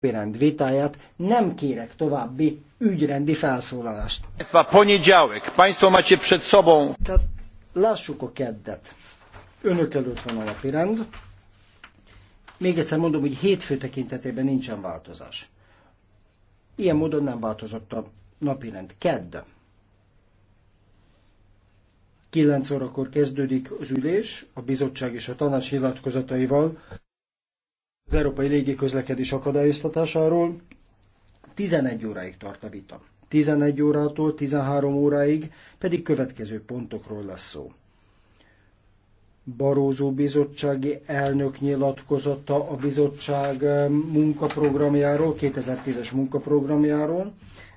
napirend vitáját, nem kérek további ügyrendi felszólalást. Tehát lássuk a keddet. Önök előtt van a napirend. Még egyszer mondom, hogy hétfő tekintetében nincsen változás. Ilyen módon nem változott a napirend. Kedd. 9 órakor kezdődik az ülés a bizottság és a tanács nyilatkozataival az európai Közlekedés akadályoztatásáról. 11 óráig tart a vita. 11 órától 13 óráig pedig következő pontokról lesz szó. Barózó bizottsági elnök nyilatkozotta a bizottság eh, munkaprogramjáról, 2010-es munkaprogramjáról,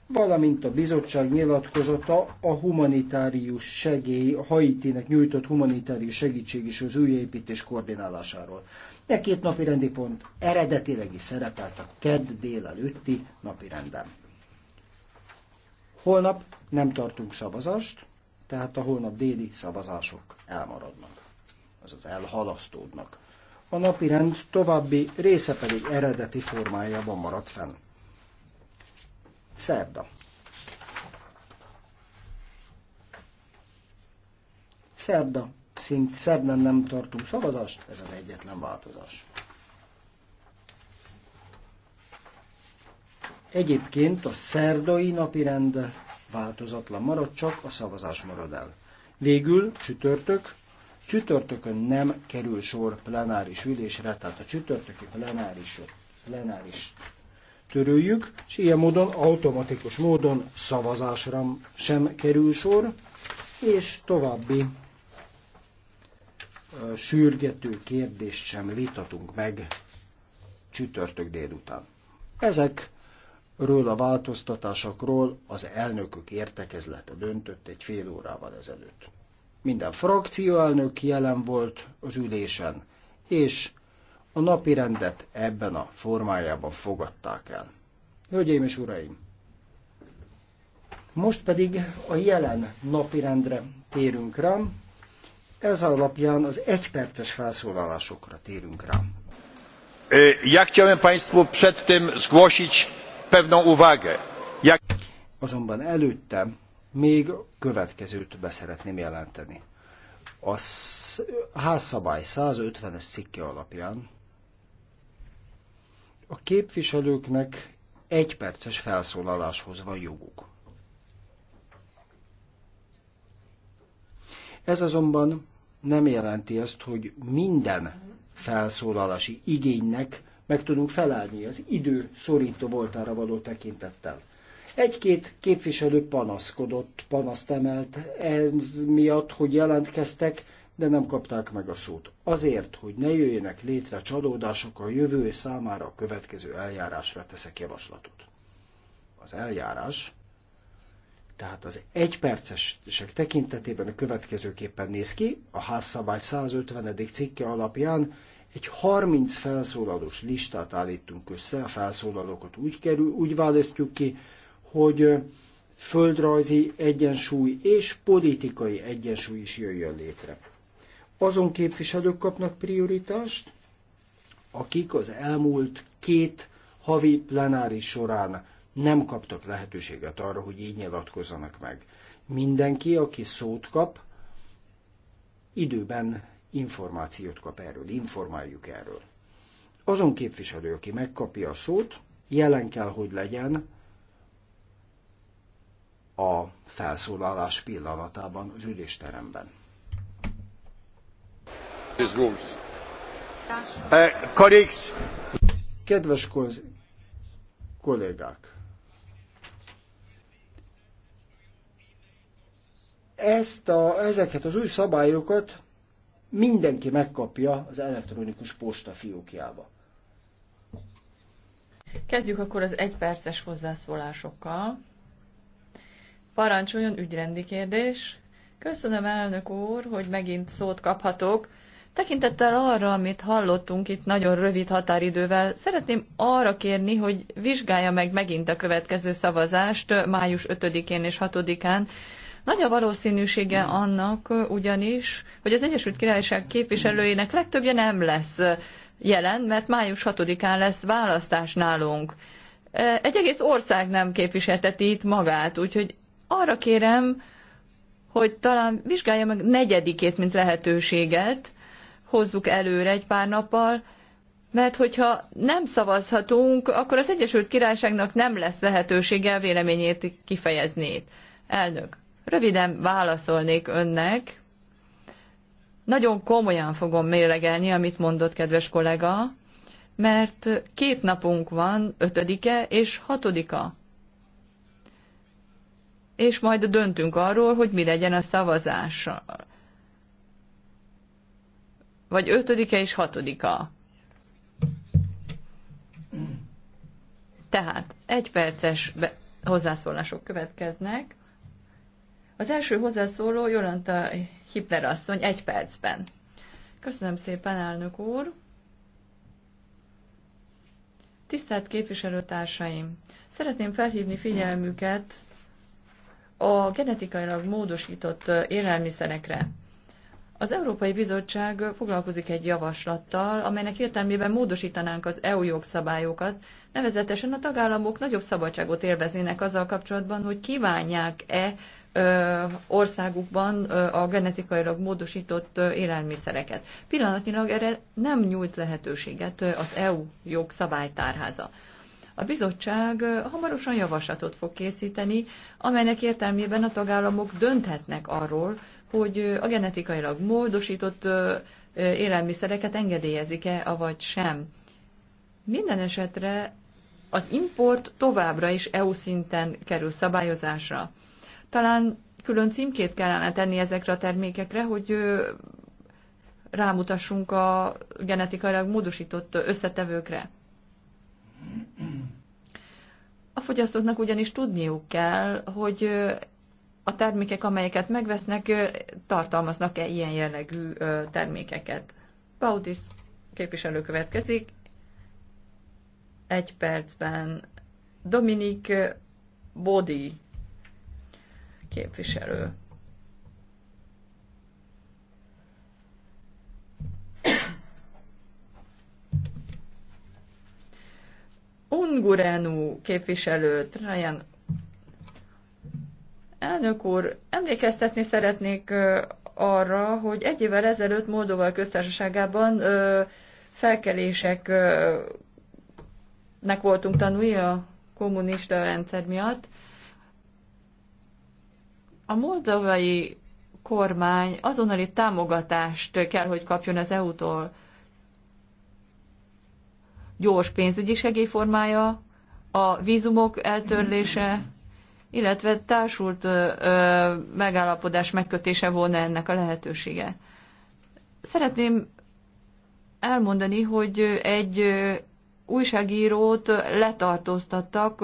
valamint a bizottság nyilatkozata a humanitárius segély, Haitinek nyújtott humanitárius segítség és az újépítés koordinálásáról de két napi rendi pont eredetileg is szerepelt a kedd délelőtti napi Holnap nem tartunk szavazást, tehát a holnap déli szavazások elmaradnak, azaz elhalasztódnak. A napi rend további része pedig eredeti formájában marad fenn. Szerda. Szerda szint szebben nem tartunk szavazást, ez az egyetlen változás. Egyébként a szerdai napi rend változatlan marad, csak a szavazás marad el. Végül csütörtök, csütörtökön nem kerül sor plenáris ülésre, tehát a csütörtöki plenáris, plenáris törőjük és ilyen módon, automatikus módon szavazásra sem kerül sor, és további sürgető kérdést sem vitatunk meg csütörtök délután. Ezekről a változtatásokról az elnökök értekezlete döntött egy fél órával ezelőtt. Minden frakcióelnök jelen volt az ülésen, és a napi rendet ebben a formájában fogadták el. Hölgyeim és uraim! Most pedig a jelen napirendre térünk rám, ez alapján az egyperces felszólalásokra térünk rá. E, ja chciałem Państwu przed tym zgłosić pewną uwagę. Azonban előtte még következőt beszeretném jelenteni. A házszabály 150-es cikke alapján a képviselőknek egy perces felszólaláshoz van joguk. Ez azonban nem jelenti azt, hogy minden felszólalási igénynek meg tudunk felelni az idő szorító voltára való tekintettel. Egy-két képviselő panaszkodott, panaszt emelt ez miatt, hogy jelentkeztek, de nem kapták meg a szót. Azért, hogy ne jöjjenek létre csalódások, a jövő számára a következő eljárásra teszek javaslatot. Az eljárás tehát az egypercesek tekintetében a következőképpen néz ki, a házszabály 150. cikke alapján egy 30 felszólalós listát állítunk össze, a felszólalókat úgy, kerül, úgy választjuk ki, hogy földrajzi egyensúly és politikai egyensúly is jöjjön létre. Azon képviselők kapnak prioritást, akik az elmúlt két havi plenáris során nem kaptak lehetőséget arra, hogy így nyilatkozzanak meg. Mindenki, aki szót kap, időben információt kap erről, informáljuk erről. Azon képviselő, aki megkapja a szót, jelen kell, hogy legyen a felszólalás pillanatában az ülésteremben. Eh, Kedves kollégák! ezt a, ezeket az új szabályokat mindenki megkapja az elektronikus posta fiókjába. Kezdjük akkor az egyperces hozzászólásokkal. Parancsoljon ügyrendi kérdés. Köszönöm, elnök úr, hogy megint szót kaphatok. Tekintettel arra, amit hallottunk itt nagyon rövid határidővel, szeretném arra kérni, hogy vizsgálja meg megint a következő szavazást május 5-én és 6-án, nagy a valószínűsége hmm. annak ugyanis, hogy az Egyesült Királyság képviselőinek hmm. legtöbbje nem lesz jelen, mert május 6-án lesz választás nálunk. Egy egész ország nem képviselteti itt magát, úgyhogy arra kérem, hogy talán vizsgálja meg negyedikét, mint lehetőséget, hozzuk előre egy pár nappal, mert hogyha nem szavazhatunk, akkor az Egyesült Királyságnak nem lesz lehetősége a véleményét kifejezni. Elnök. Röviden válaszolnék önnek. Nagyon komolyan fogom mélegelni, amit mondott kedves kollega, mert két napunk van, ötödike és hatodika. És majd döntünk arról, hogy mi legyen a szavazással. Vagy ötödike és hatodika. Tehát egy perces hozzászólások következnek. Az első hozzászóló Jolanta Hitler asszony egy percben. Köszönöm szépen, elnök úr! Tisztelt képviselőtársaim! Szeretném felhívni figyelmüket a genetikailag módosított élelmiszerekre. Az Európai Bizottság foglalkozik egy javaslattal, amelynek értelmében módosítanánk az EU jogszabályokat, nevezetesen a tagállamok nagyobb szabadságot élveznének azzal kapcsolatban, hogy kívánják-e országukban a genetikailag módosított élelmiszereket. Pillanatnyilag erre nem nyújt lehetőséget az EU jogszabálytárháza. A bizottság hamarosan javaslatot fog készíteni, amelynek értelmében a tagállamok dönthetnek arról, hogy a genetikailag módosított élelmiszereket engedélyezik-e, avagy sem. Minden esetre az import továbbra is EU szinten kerül szabályozásra. Talán külön címkét kellene tenni ezekre a termékekre, hogy rámutassunk a genetikailag módosított összetevőkre. A fogyasztóknak ugyanis tudniuk kell, hogy a termékek, amelyeket megvesznek, tartalmaznak-e ilyen jellegű termékeket. Baudis képviselő következik. Egy percben Dominik Bodi képviselő. Ungurenu képviselő, Trajan elnök úr, emlékeztetni szeretnék arra, hogy egy évvel ezelőtt Moldova köztársaságában felkeléseknek voltunk tanulni a kommunista rendszer miatt, a moldovai kormány azonnali támogatást kell, hogy kapjon az EU-tól. Gyors pénzügyi segélyformája, a vízumok eltörlése, illetve társult ö, megállapodás megkötése volna ennek a lehetősége. Szeretném elmondani, hogy egy újságírót letartóztattak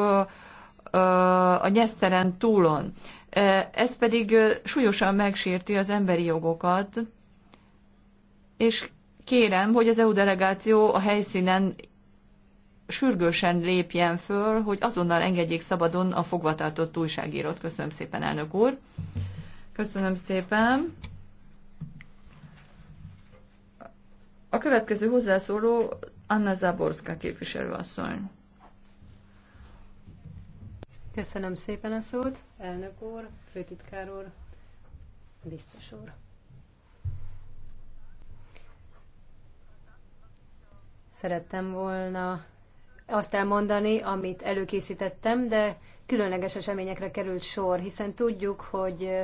a nyeszteren túlon. Ez pedig súlyosan megsérti az emberi jogokat, és kérem, hogy az EU delegáció a helyszínen sürgősen lépjen föl, hogy azonnal engedjék szabadon a fogvatartott újságírót. Köszönöm szépen, elnök úr. Köszönöm szépen. A következő hozzászóló Anna Zaborska képviselőasszony. Köszönöm szépen a szót, elnök úr, főtitkár úr, biztos úr. Szerettem volna azt elmondani, amit előkészítettem, de különleges eseményekre került sor, hiszen tudjuk, hogy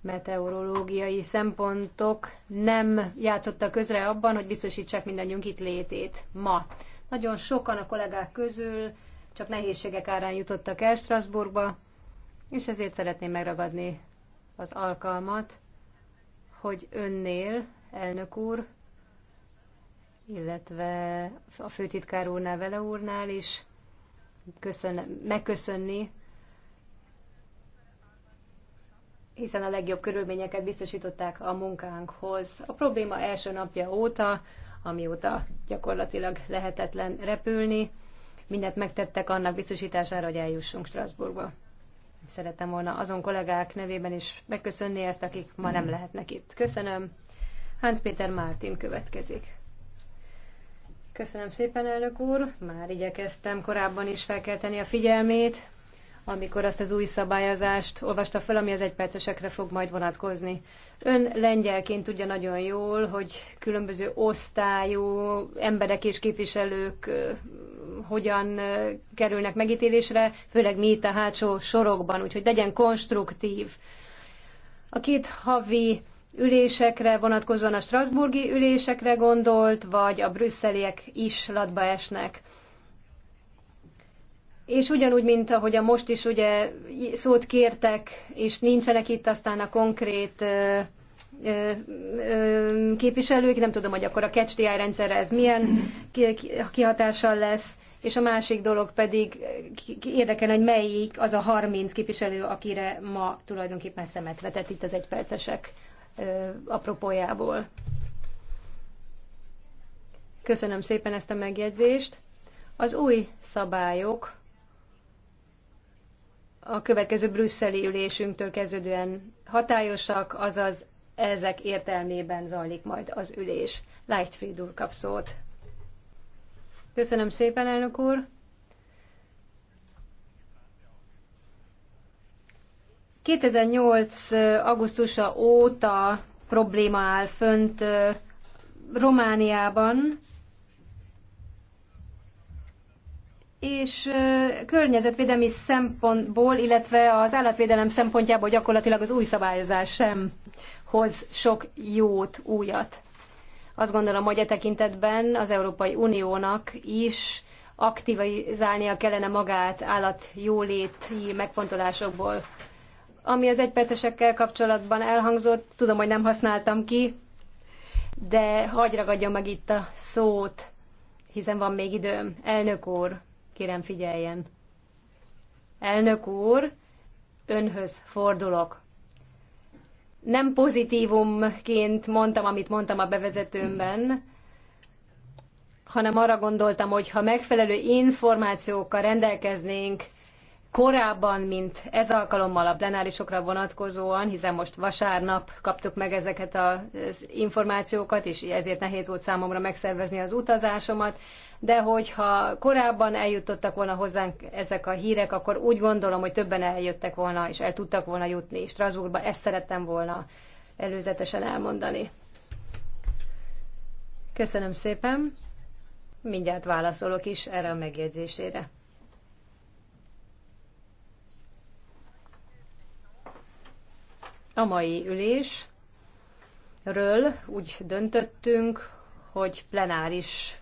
meteorológiai szempontok nem játszottak közre abban, hogy biztosítsák mindannyiunk itt létét ma. Nagyon sokan a kollégák közül csak nehézségek árán jutottak el Strasbourgba, és ezért szeretném megragadni az alkalmat, hogy önnél, elnök úr, illetve a főtitkár úrnál, vele úrnál is köszön, megköszönni, hiszen a legjobb körülményeket biztosították a munkánkhoz. A probléma első napja óta, amióta gyakorlatilag lehetetlen repülni, mindent megtettek annak biztosítására, hogy eljussunk Strasbourgba. Szerettem volna azon kollégák nevében is megköszönni ezt, akik ma nem lehetnek itt. Köszönöm. Hans Péter Mártin következik. Köszönöm szépen, elnök úr. Már igyekeztem korábban is felkelteni a figyelmét, amikor azt az új szabályozást olvasta fel, ami az egypercesekre fog majd vonatkozni. Ön lengyelként tudja nagyon jól, hogy különböző osztályú emberek és képviselők hogyan kerülnek megítélésre, főleg mi itt a hátsó sorokban, úgyhogy legyen konstruktív. A két havi ülésekre vonatkozóan a Strasburgi ülésekre gondolt, vagy a brüsszeliek is latba esnek. És ugyanúgy, mint ahogy a most is ugye szót kértek, és nincsenek itt aztán a konkrét ö, ö, ö, képviselők, nem tudom, hogy akkor a catch rendszerre ez milyen kihatással lesz, és a másik dolog pedig érdekel, hogy melyik az a 30 képviselő, akire ma tulajdonképpen szemet vetett itt az egypercesek apropójából. Köszönöm szépen ezt a megjegyzést. Az új szabályok a következő brüsszeli ülésünktől kezdődően hatályosak, azaz ezek értelmében zajlik majd az ülés. Leichtfried úr kap szót. Köszönöm szépen, elnök úr. ...2008. augusztusa óta probléma áll fönt Romániában, és környezetvédelmi szempontból, illetve az állatvédelem szempontjából gyakorlatilag az új szabályozás sem hoz sok jót, újat. Azt gondolom, hogy e tekintetben az Európai Uniónak is aktivizálnia kellene magát állatjóléti megfontolásokból. Ami az egypercesekkel kapcsolatban elhangzott, tudom, hogy nem használtam ki, de hagy ragadjam meg itt a szót, hiszen van még időm. Elnök úr, kérem figyeljen. Elnök úr, önhöz fordulok nem pozitívumként mondtam, amit mondtam a bevezetőmben, hanem arra gondoltam, hogy ha megfelelő információkkal rendelkeznénk korábban, mint ez alkalommal a plenárisokra vonatkozóan, hiszen most vasárnap kaptuk meg ezeket az információkat, és ezért nehéz volt számomra megszervezni az utazásomat, de hogyha korábban eljutottak volna hozzánk ezek a hírek, akkor úgy gondolom, hogy többen eljöttek volna, és el tudtak volna jutni Strasbourgba. Ezt szerettem volna előzetesen elmondani. Köszönöm szépen. Mindjárt válaszolok is erre a megjegyzésére. A mai ülésről úgy döntöttünk, hogy plenáris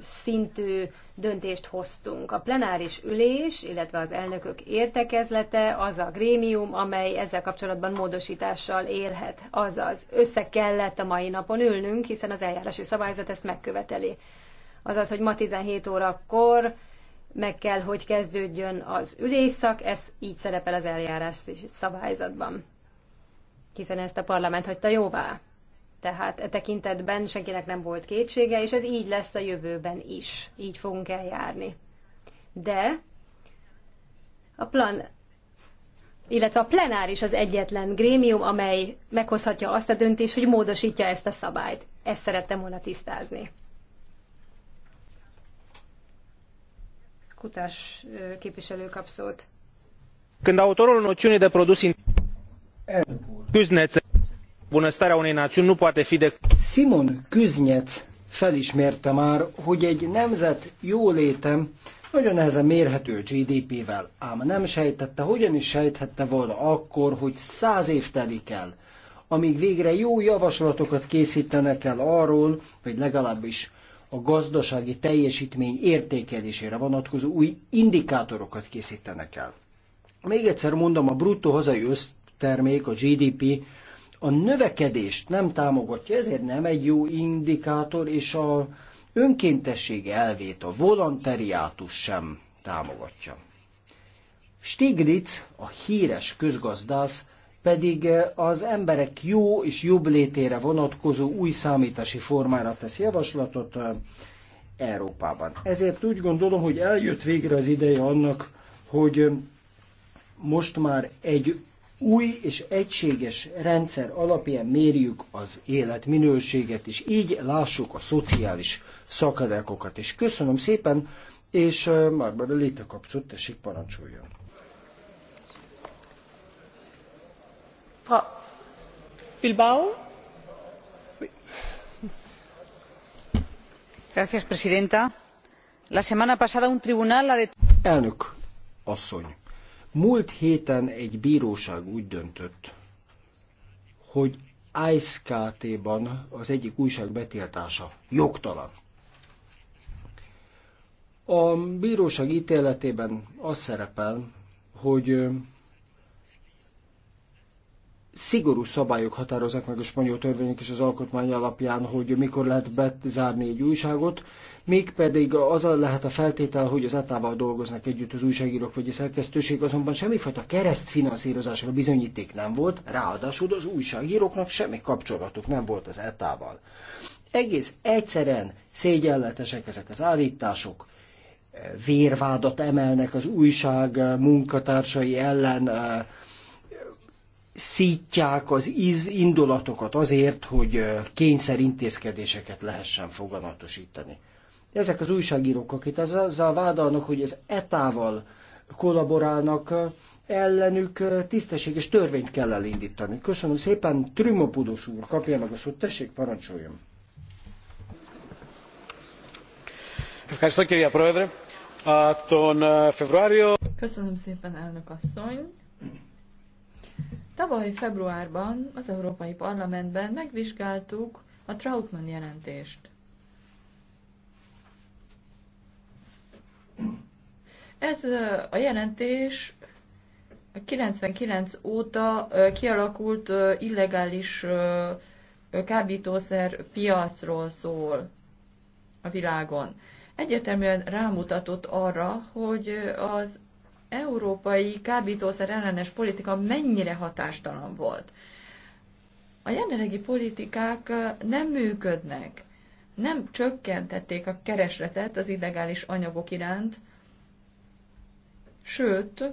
szintű döntést hoztunk. A plenáris ülés, illetve az elnökök értekezlete az a grémium, amely ezzel kapcsolatban módosítással élhet. Azaz, össze kellett a mai napon ülnünk, hiszen az eljárási szabályzat ezt megköveteli. Azaz, hogy ma 17 órakor meg kell, hogy kezdődjön az ülésszak, ez így szerepel az eljárási szabályzatban, hiszen ezt a parlament hagyta jóvá. Tehát e tekintetben senkinek nem volt kétsége, és ez így lesz a jövőben is. Így fogunk eljárni. De a plan, illetve a plenáris az egyetlen grémium, amely meghozhatja azt a döntést, hogy módosítja ezt a szabályt. Ezt szerettem volna tisztázni. Kutás képviselő kap szót. Când autorul de produs Küznece bunăstarea unei națiuni nu poate fi decât... Simon Küznec felismerte már, hogy egy nemzet jóléte nagyon nehezen mérhető GDP-vel, ám nem sejtette, hogyan is sejthette volna akkor, hogy száz év telik el, amíg végre jó javaslatokat készítenek el arról, vagy legalábbis a gazdasági teljesítmény értékelésére vonatkozó új indikátorokat készítenek el. Még egyszer mondom, a bruttó hazai össztermék, a GDP a növekedést nem támogatja, ezért nem egy jó indikátor, és a önkéntesség elvét, a volontariátus sem támogatja. Stiglitz, a híres közgazdász, pedig az emberek jó és jobb létére vonatkozó új számítási formára tesz javaslatot Európában. Ezért úgy gondolom, hogy eljött végre az ideje annak, hogy most már egy új és egységes rendszer alapján mérjük az életminőséget, és így lássuk a szociális szakadékokat. És köszönöm szépen, és a léte kapcsolt, tessék parancsoljon. Bilbao? Gracias, presidenta. La semana pasada un tribunal la de... Elnök asszony, Múlt héten egy bíróság úgy döntött, hogy ISKT-ban az egyik újság betiltása jogtalan. A bíróság ítéletében az szerepel, hogy szigorú szabályok határozzák meg a spanyol törvények és az alkotmány alapján, hogy mikor lehet bezárni egy újságot, mégpedig az lehet a feltétel, hogy az etával dolgoznak együtt az újságírók vagy a szerkesztőség, azonban semmifajta keresztfinanszírozásra bizonyíték nem volt, ráadásul az újságíróknak semmi kapcsolatuk nem volt az etával. Egész egyszeren szégyenletesek ezek az állítások, vérvádat emelnek az újság munkatársai ellen, szítják az íz indulatokat azért, hogy kényszerintézkedéseket lehessen foganatosítani. Ezek az újságírók, akik azzal vádalnak, hogy az etával kollaborálnak, ellenük tisztességes törvényt kell elindítani. Köszönöm szépen, Trimopudosz úr, kapja meg a szót, tessék, parancsoljon. Köszönöm szépen, elnök asszony. Tavaly februárban az Európai Parlamentben megvizsgáltuk a Trautmann jelentést. Ez a jelentés 99 óta kialakult illegális kábítószer piacról szól a világon. Egyértelműen rámutatott arra, hogy az európai kábítószer ellenes politika mennyire hatástalan volt. A jelenlegi politikák nem működnek, nem csökkentették a keresletet az illegális anyagok iránt, sőt,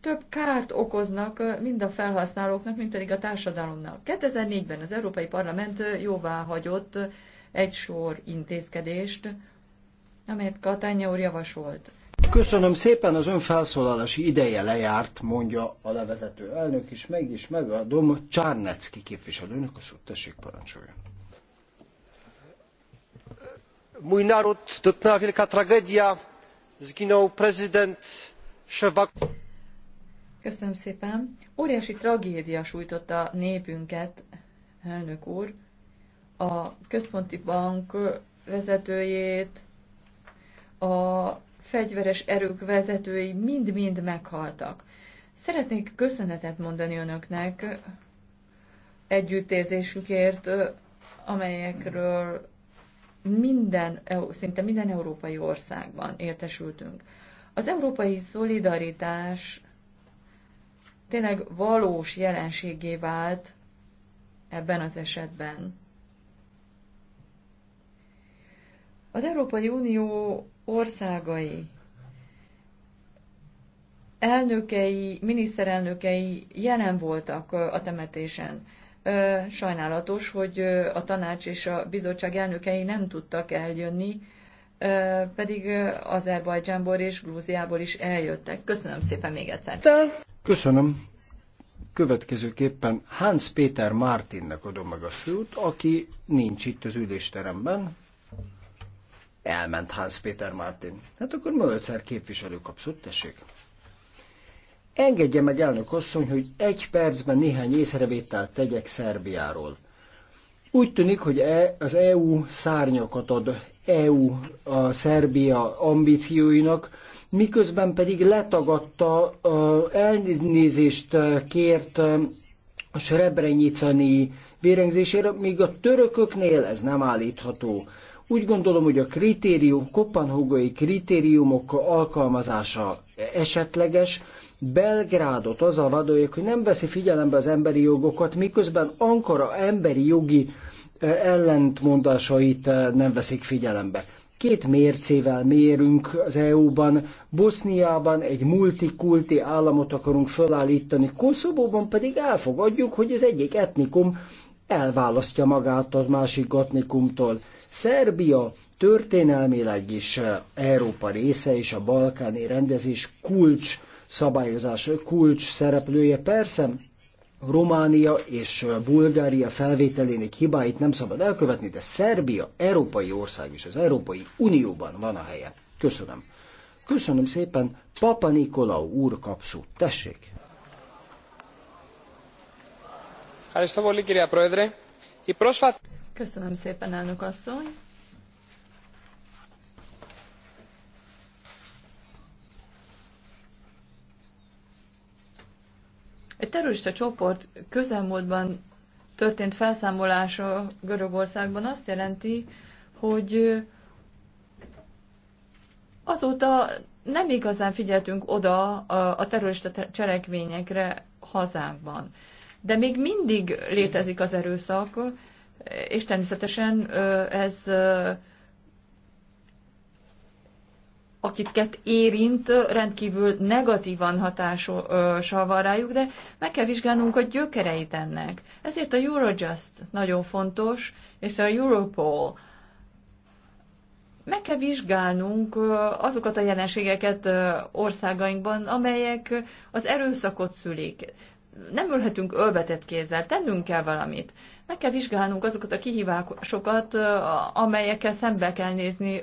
több kárt okoznak mind a felhasználóknak, mint pedig a társadalomnak. 2004-ben az Európai Parlament jóvá hagyott egy sor intézkedést, amelyet Katánya úr javasolt. Köszönöm szépen, az ön felszólalási ideje lejárt, mondja a levezető elnök, és meg is megadom Csárnecki képviselőnök a szót. Tessék, parancsoljon. Mój naród dotknęła wielka tragedia. Zginął prezydent Szewak. Köszönöm szépen. Óriási tragédia sújtotta népünket, elnök úr. A központi bank vezetőjét, a fegyveres erők vezetői mind-mind meghaltak. Szeretnék köszönetet mondani önöknek együttérzésükért, amelyekről minden, szinte minden európai országban értesültünk. Az európai szolidaritás tényleg valós jelenségé vált ebben az esetben. Az Európai Unió országai elnökei, miniszterelnökei jelen voltak a temetésen. Sajnálatos, hogy a tanács és a bizottság elnökei nem tudtak eljönni, pedig Azerbajdzsánból és Grúziából is eljöttek. Köszönöm szépen még egyszer. Köszönöm. Következőképpen Hans Péter Mártinnek adom meg a szót, aki nincs itt az ülésteremben, Elment Hans Péter Martin. Hát akkor Mölcer képviselő kapszott, tessék. Engedje meg elnök asszony, hogy egy percben néhány észrevételt tegyek Szerbiáról. Úgy tűnik, hogy e, az EU szárnyakat ad EU a Szerbia ambícióinak, miközben pedig letagadta, elnézést kért a srebrenyicani vérengzésére, míg a törököknél ez nem állítható. Úgy gondolom, hogy a kritérium, kopenhagai kritériumok alkalmazása esetleges. Belgrádot a vadolják, hogy nem veszi figyelembe az emberi jogokat, miközben Ankara emberi jogi e, ellentmondásait e, nem veszik figyelembe két mércével mérünk az EU-ban, Boszniában egy multikulti államot akarunk fölállítani, Koszovóban pedig elfogadjuk, hogy az egyik etnikum elválasztja magát a másik etnikumtól. Szerbia történelmileg is eh, Európa része és a balkáni rendezés kulcs szabályozás, kulcs szereplője. Persze Románia és eh, Bulgária felvételének hibáit nem szabad elkövetni, de Szerbia európai ország és az Európai Unióban van a helye. Köszönöm. Köszönöm szépen, Papa Nikolau úr kapszú. Tessék! Köszönöm, Köszönöm szépen, elnök asszony. Egy terrorista csoport közelmúltban történt felszámolása Görögországban azt jelenti, hogy azóta nem igazán figyeltünk oda a terrorista cselekményekre hazánkban. De még mindig létezik az erőszak, és természetesen ez akiket érint, rendkívül negatívan hatással van rájuk, de meg kell vizsgálnunk a gyökereit ennek. Ezért a Eurojust nagyon fontos, és a Europol. Meg kell vizsgálnunk azokat a jelenségeket országainkban, amelyek az erőszakot szülik nem ülhetünk ölvetett kézzel, tennünk kell valamit. Meg kell vizsgálnunk azokat a kihívásokat, amelyekkel szembe kell nézni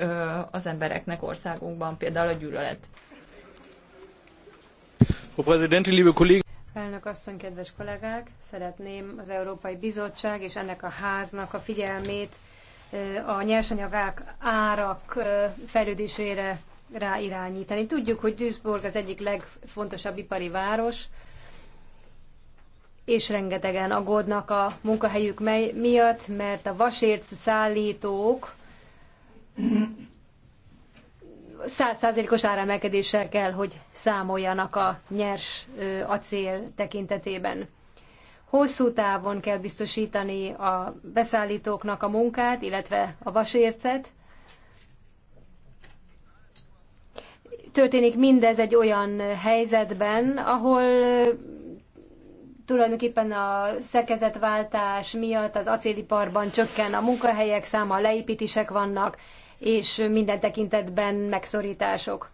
az embereknek országunkban, például a gyűlölet. Elnök asszony, kedves kollégák! Szeretném az Európai Bizottság és ennek a háznak a figyelmét a nyersanyagák árak fejlődésére ráirányítani. Tudjuk, hogy Duisburg az egyik legfontosabb ipari város, és rengetegen aggódnak a munkahelyük miatt, mert a vasércű szállítók százszázalékos áremelkedéssel kell, hogy számoljanak a nyers acél tekintetében. Hosszú távon kell biztosítani a beszállítóknak a munkát, illetve a vasércet. Történik mindez egy olyan helyzetben, ahol tulajdonképpen a szerkezetváltás miatt az acéliparban csökken a munkahelyek száma, a leépítések vannak, és minden tekintetben megszorítások.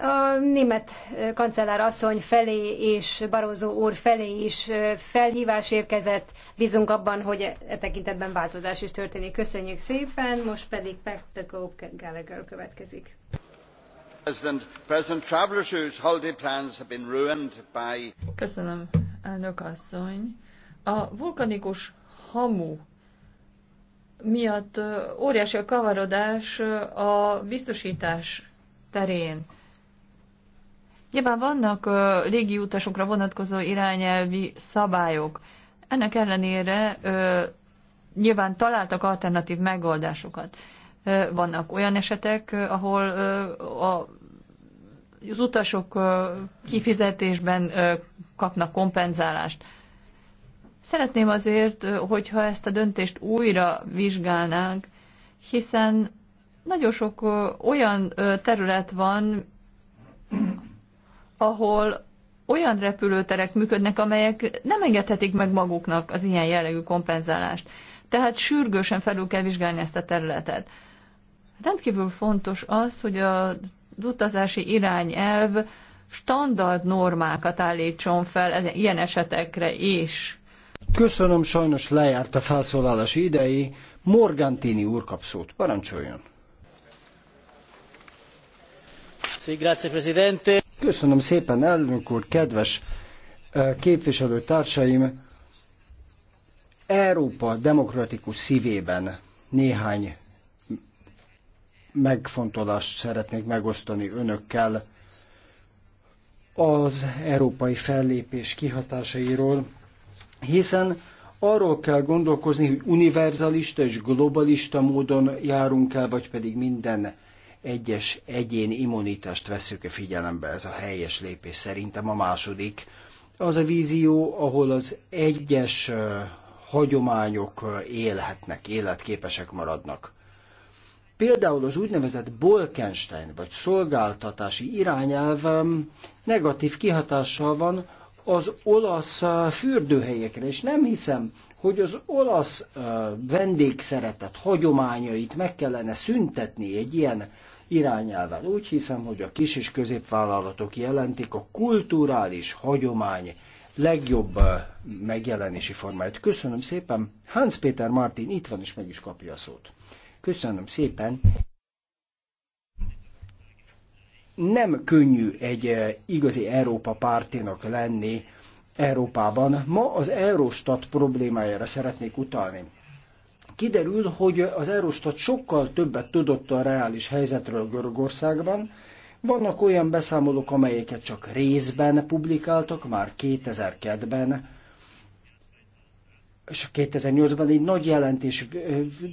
A német kancellár asszony felé és Barózó úr felé is felhívás érkezett. Bízunk abban, hogy e tekintetben változás is történik. Köszönjük szépen, most pedig Pat Gallagher következik. Köszönöm, elnök asszony. A vulkanikus hamu miatt óriási a kavarodás a biztosítás terén. Nyilván vannak légiutasokra vonatkozó irányelvi szabályok. Ennek ellenére nyilván találtak alternatív megoldásokat. Vannak olyan esetek, ahol a az utasok kifizetésben kapnak kompenzálást. Szeretném azért, hogyha ezt a döntést újra vizsgálnánk, hiszen nagyon sok olyan terület van, ahol olyan repülőterek működnek, amelyek nem engedhetik meg maguknak az ilyen jellegű kompenzálást. Tehát sürgősen felül kell vizsgálni ezt a területet. Rendkívül fontos az, hogy a utazási irányelv standard normákat állítson fel e- ilyen esetekre is. Köszönöm, sajnos lejárt a felszólalás idei. Morgantini úr kap szót. Parancsoljon! Köszönöm szépen, elnök úr, kedves képviselőtársaim! Európa demokratikus szívében néhány megfontolást szeretnék megosztani önökkel az európai fellépés kihatásairól, hiszen arról kell gondolkozni, hogy univerzalista és globalista módon járunk el, vagy pedig minden egyes egyén immunitást veszük a figyelembe. Ez a helyes lépés szerintem a második. Az a vízió, ahol az egyes hagyományok élhetnek, életképesek maradnak. Például az úgynevezett Bolkenstein vagy szolgáltatási irányelv um, negatív kihatással van az olasz uh, fürdőhelyekre, és nem hiszem, hogy az olasz uh, vendégszeretet, hagyományait meg kellene szüntetni egy ilyen irányelvvel. Úgy hiszem, hogy a kis és középvállalatok jelentik a kulturális hagyomány legjobb uh, megjelenési formáját. Köszönöm szépen. Hans Péter Martin itt van, és meg is kapja a szót. Köszönöm szépen. Nem könnyű egy eh, igazi Európa pártinak lenni Európában. Ma az Eurostat problémájára szeretnék utalni. Kiderül, hogy az Eurostat sokkal többet tudott a reális helyzetről Görögországban, vannak olyan beszámolók, amelyeket csak részben publikáltak már 2002-ben, és a 2008-ban egy nagy jelentés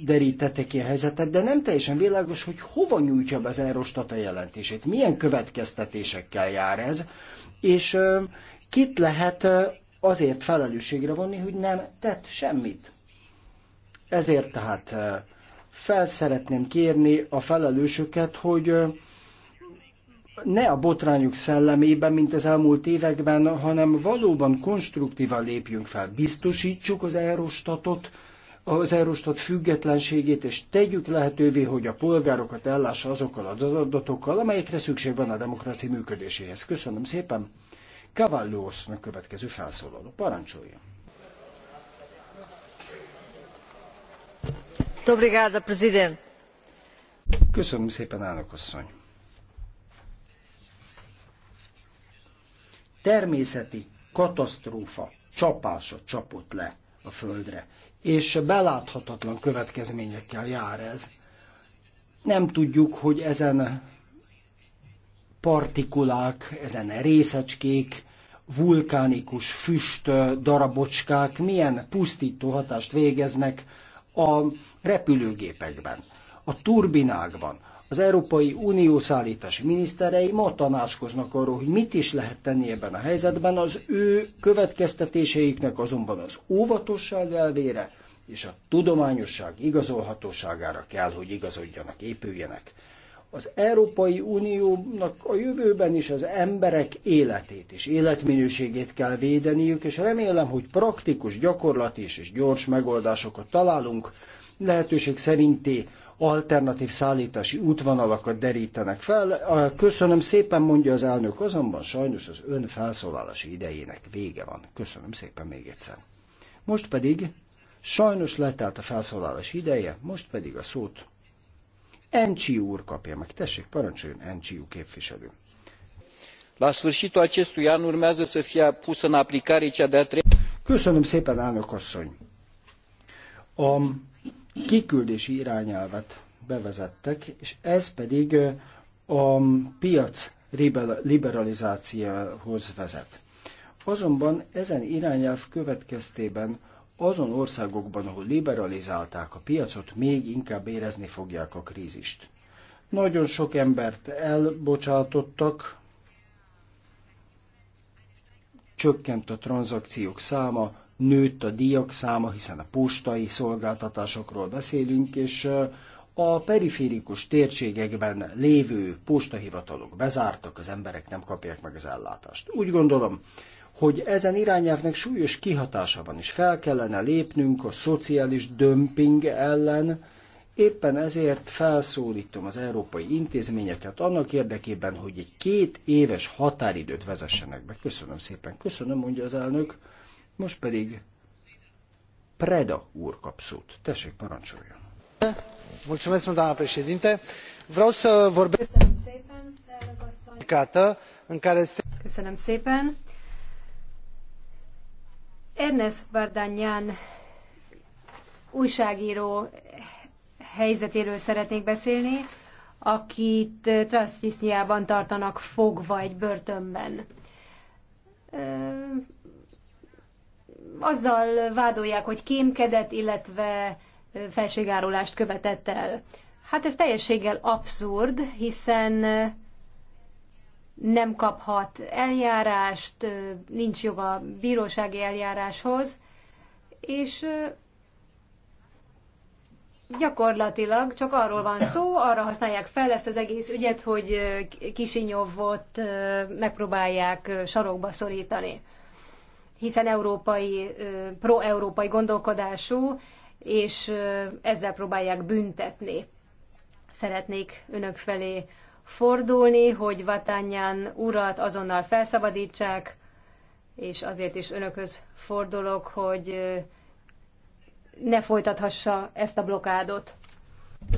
derítette ki a helyzetet, de nem teljesen világos, hogy hova nyújtja be az Eurostat a jelentését, milyen következtetésekkel jár ez, és kit lehet azért felelősségre vonni, hogy nem tett semmit. Ezért tehát fel szeretném kérni a felelősöket, hogy ne a botrányok szellemében, mint az elmúlt években, hanem valóban konstruktívan lépjünk fel. Biztosítsuk az Eurostatot, az Eurostat függetlenségét, és tegyük lehetővé, hogy a polgárokat ellássa azokkal az adatokkal, amelyekre szükség van a demokrácia működéséhez. Köszönöm szépen. Cavallo következő felszólaló. Parancsoljon. Köszönöm szépen, elnök asszony. természeti katasztrófa csapása csapott le a földre, és beláthatatlan következményekkel jár ez. Nem tudjuk, hogy ezen partikulák, ezen részecskék, vulkánikus füst darabocskák milyen pusztító hatást végeznek a repülőgépekben, a turbinákban, az Európai Unió szállítási miniszterei ma tanácskoznak arról, hogy mit is lehet tenni ebben a helyzetben, az ő következtetéseiknek azonban az óvatosság elvére és a tudományosság igazolhatóságára kell, hogy igazodjanak, épüljenek. Az Európai Uniónak a jövőben is az emberek életét és életminőségét kell védeniük, és remélem, hogy praktikus, gyakorlati és gyors megoldásokat találunk, lehetőség szerinti alternatív szállítási útvonalakat derítenek fel. Köszönöm szépen, mondja az elnök, azonban sajnos az ön felszólalási idejének vége van. Köszönöm szépen még egyszer. Most pedig sajnos letelt a felszólalás ideje, most pedig a szót Encsi úr kapja meg. Tessék, parancsoljon Encsi úr képviselő. La sfârșitul acestui an urmează să fie pusă în aplicare cea de-a treia... Köszönöm szépen, elnök asszony. A kiküldési irányelvet bevezettek, és ez pedig a piac liberalizációhoz vezet. Azonban ezen irányelv következtében azon országokban, ahol liberalizálták a piacot, még inkább érezni fogják a krízist. Nagyon sok embert elbocsátottak, csökkent a tranzakciók száma, nőtt a díjak száma, hiszen a postai szolgáltatásokról beszélünk, és a periférikus térségekben lévő postahivatalok bezártak, az emberek nem kapják meg az ellátást. Úgy gondolom, hogy ezen irányelvnek súlyos kihatása van, és fel kellene lépnünk a szociális dömping ellen, Éppen ezért felszólítom az európai intézményeket annak érdekében, hogy egy két éves határidőt vezessenek be. Köszönöm szépen. Köszönöm, mondja az elnök. Most pedig Preda úr kap szót. Tessék, parancsoljon. Mulțumesc, doamna președinte. Vreau să vorbesc în care se... Köszönöm szépen. Ernest Bardanyán újságíró helyzetéről szeretnék beszélni, akit Transzisztriában tartanak fogva egy börtönben azzal vádolják, hogy kémkedett, illetve felségárulást követett el. Hát ez teljességgel abszurd, hiszen nem kaphat eljárást, nincs joga bírósági eljáráshoz, és gyakorlatilag csak arról van szó, arra használják fel ezt az egész ügyet, hogy Kisinyovot megpróbálják sarokba szorítani hiszen európai, pro-európai gondolkodású, és ezzel próbálják büntetni. Szeretnék önök felé fordulni, hogy Vatányán urat azonnal felszabadítsák, és azért is önökhöz fordulok, hogy ne folytathassa ezt a blokádot.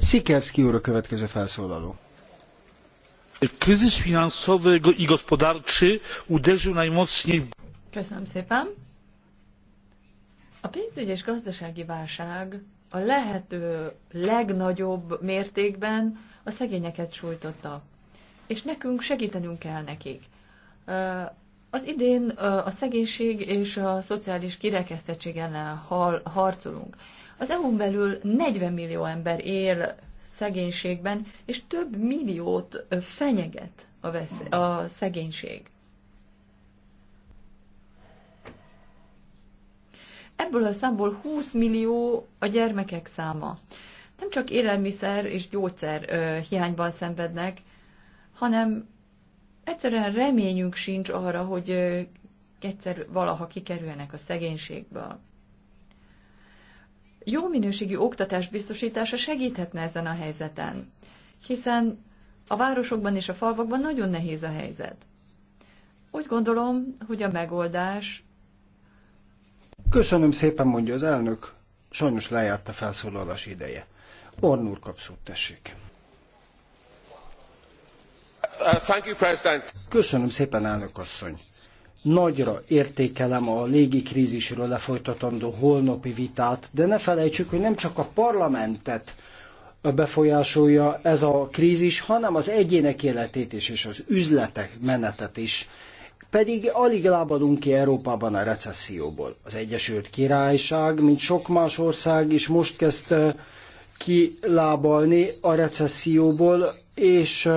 Szikerszki úr a következő felszólaló. Kryzys finansowy i gospodarczy uderzył najmocniej Köszönöm szépen. A pénzügyi és gazdasági válság a lehető legnagyobb mértékben a szegényeket sújtotta. És nekünk segítenünk kell nekik. Az idén a szegénység és a szociális kirekesztettség ellen harcolunk. Az EU-n belül 40 millió ember él szegénységben, és több milliót fenyeget a, vesz- a szegénység. ebből a számból 20 millió a gyermekek száma. Nem csak élelmiszer és gyógyszer ö, hiányban szenvednek, hanem egyszerűen reményünk sincs arra, hogy ö, egyszer valaha kikerüljenek a szegénységből. Jó minőségű oktatás biztosítása segíthetne ezen a helyzeten, hiszen a városokban és a falvakban nagyon nehéz a helyzet. Úgy gondolom, hogy a megoldás Köszönöm szépen, mondja az elnök. Sajnos lejárt a felszólalás ideje. Ornur kapszót tessék. Uh, Köszönöm szépen, elnök asszony. Nagyra értékelem a légi krízisről lefolytatandó holnapi vitát, de ne felejtsük, hogy nem csak a parlamentet befolyásolja ez a krízis, hanem az egyének életét is, és az üzletek menetet is pedig alig lábadunk ki Európában a recesszióból. Az Egyesült Királyság, mint sok más ország is most kezdte kilábalni a recesszióból, és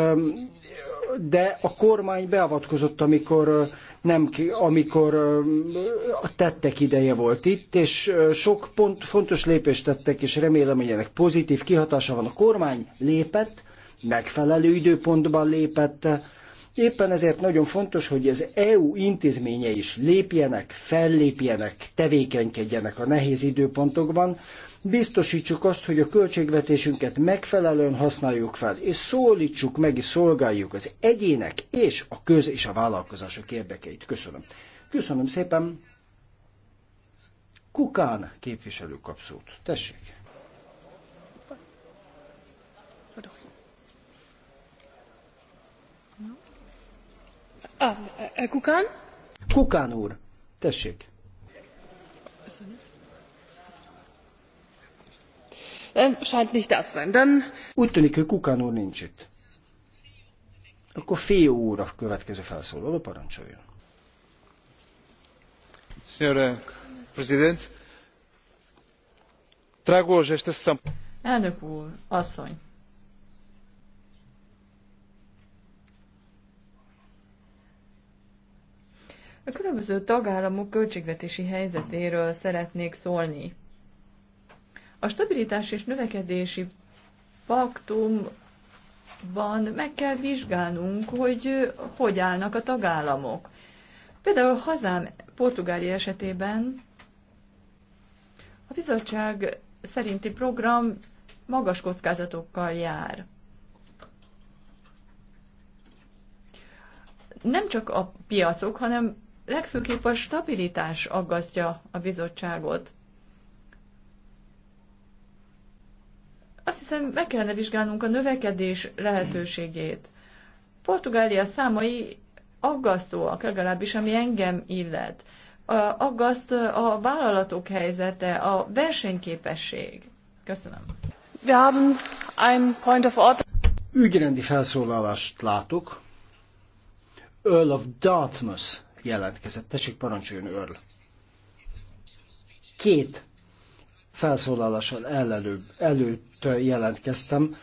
de a kormány beavatkozott, amikor, nem, amikor a tettek ideje volt itt, és sok pont, fontos lépést tettek, és remélem, hogy ennek pozitív kihatása van. A kormány lépett, megfelelő időpontban lépett, Éppen ezért nagyon fontos, hogy az EU intézménye is lépjenek, fellépjenek, tevékenykedjenek a nehéz időpontokban, biztosítsuk azt, hogy a költségvetésünket megfelelően használjuk fel, és szólítsuk meg és szolgáljuk az egyének és a köz és a vállalkozások érdekeit. Köszönöm. Köszönöm szépen. Kukán képviselő kapszót. Tessék. Ah, eh, Kukán? Kukán úr, tessék. Scheint nicht das sein. Dann... Úgy tűnik, hogy Kukán úr nincs itt. Akkor fél óra következő felszólaló, parancsoljon. Signora President, trago esta sessão... Elnök úr, asszony, A különböző tagállamok költségvetési helyzetéről szeretnék szólni. A stabilitás és növekedési paktumban meg kell vizsgálnunk, hogy hogy állnak a tagállamok. Például hazám Portugália esetében a bizottság szerinti program magas kockázatokkal jár. Nem csak a piacok, hanem legfőképp a stabilitás aggasztja a bizottságot. Azt hiszem, meg kellene vizsgálnunk a növekedés lehetőségét. Portugália számai aggasztóak, legalábbis ami engem illet. Aggaszt a vállalatok helyzete, a versenyképesség. Köszönöm. Wir haben ein point of order. Ügyrendi felszólalást látok. Earl of Dartmouth jelentkezett. Tessék, parancsoljon Örl. Két felszólalással előbb, előtt jelentkeztem.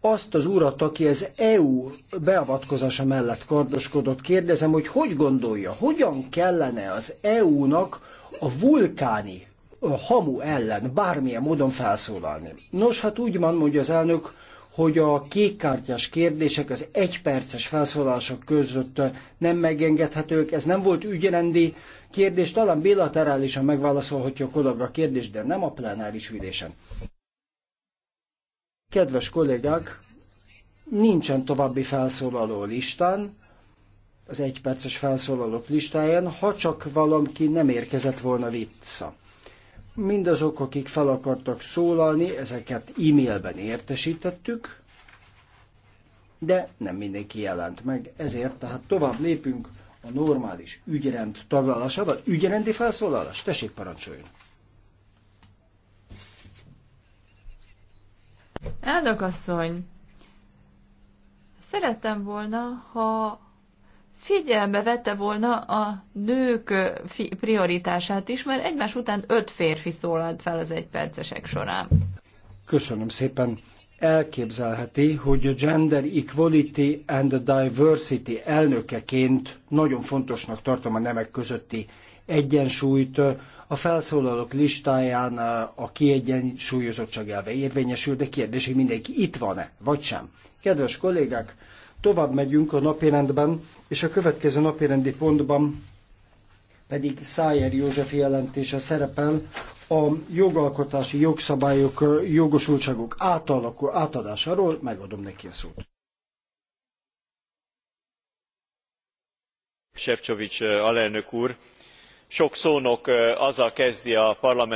Azt az urat, aki az EU beavatkozása mellett kardoskodott, kérdezem, hogy hogy gondolja, hogyan kellene az EU-nak a vulkáni a hamu ellen bármilyen módon felszólalni. Nos, hát úgy van, hogy az elnök, hogy a kékkártyás kérdések az egyperces felszólások között nem megengedhetők. Ez nem volt ügyrendi kérdés, talán bilaterálisan megválaszolhatja a kollega kérdést, de nem a plenáris ülésen. Kedves kollégák, nincsen további felszólaló listán, az egyperces felszólalók listáján, ha csak valaki nem érkezett volna vissza. Mindazok, akik fel akartak szólalni, ezeket e-mailben értesítettük, de nem mindenki jelent meg. Ezért tehát tovább lépünk a normális ügyrend taglalásával. Ügyrendi felszólalás? Tessék, parancsoljon! Elnök asszony, szerettem volna, ha figyelme vette volna a nők prioritását is, mert egymás után öt férfi szólalt fel az egypercesek során. Köszönöm szépen. Elképzelheti, hogy a Gender Equality and Diversity elnökeként nagyon fontosnak tartom a nemek közötti egyensúlyt. A felszólalók listáján a kiegyensúlyozottság elve érvényesül, de kérdés, hogy mindenki itt van-e, vagy sem. Kedves kollégák, Tovább megyünk a napirendben, és a következő napirendi pontban pedig Szájer József jelentése szerepel a jogalkotási jogszabályok, jogosultságok átalakul, átadásáról. Megadom neki a szót. Sefcovics alelnök úr, sok szónok azzal kezdi a parlament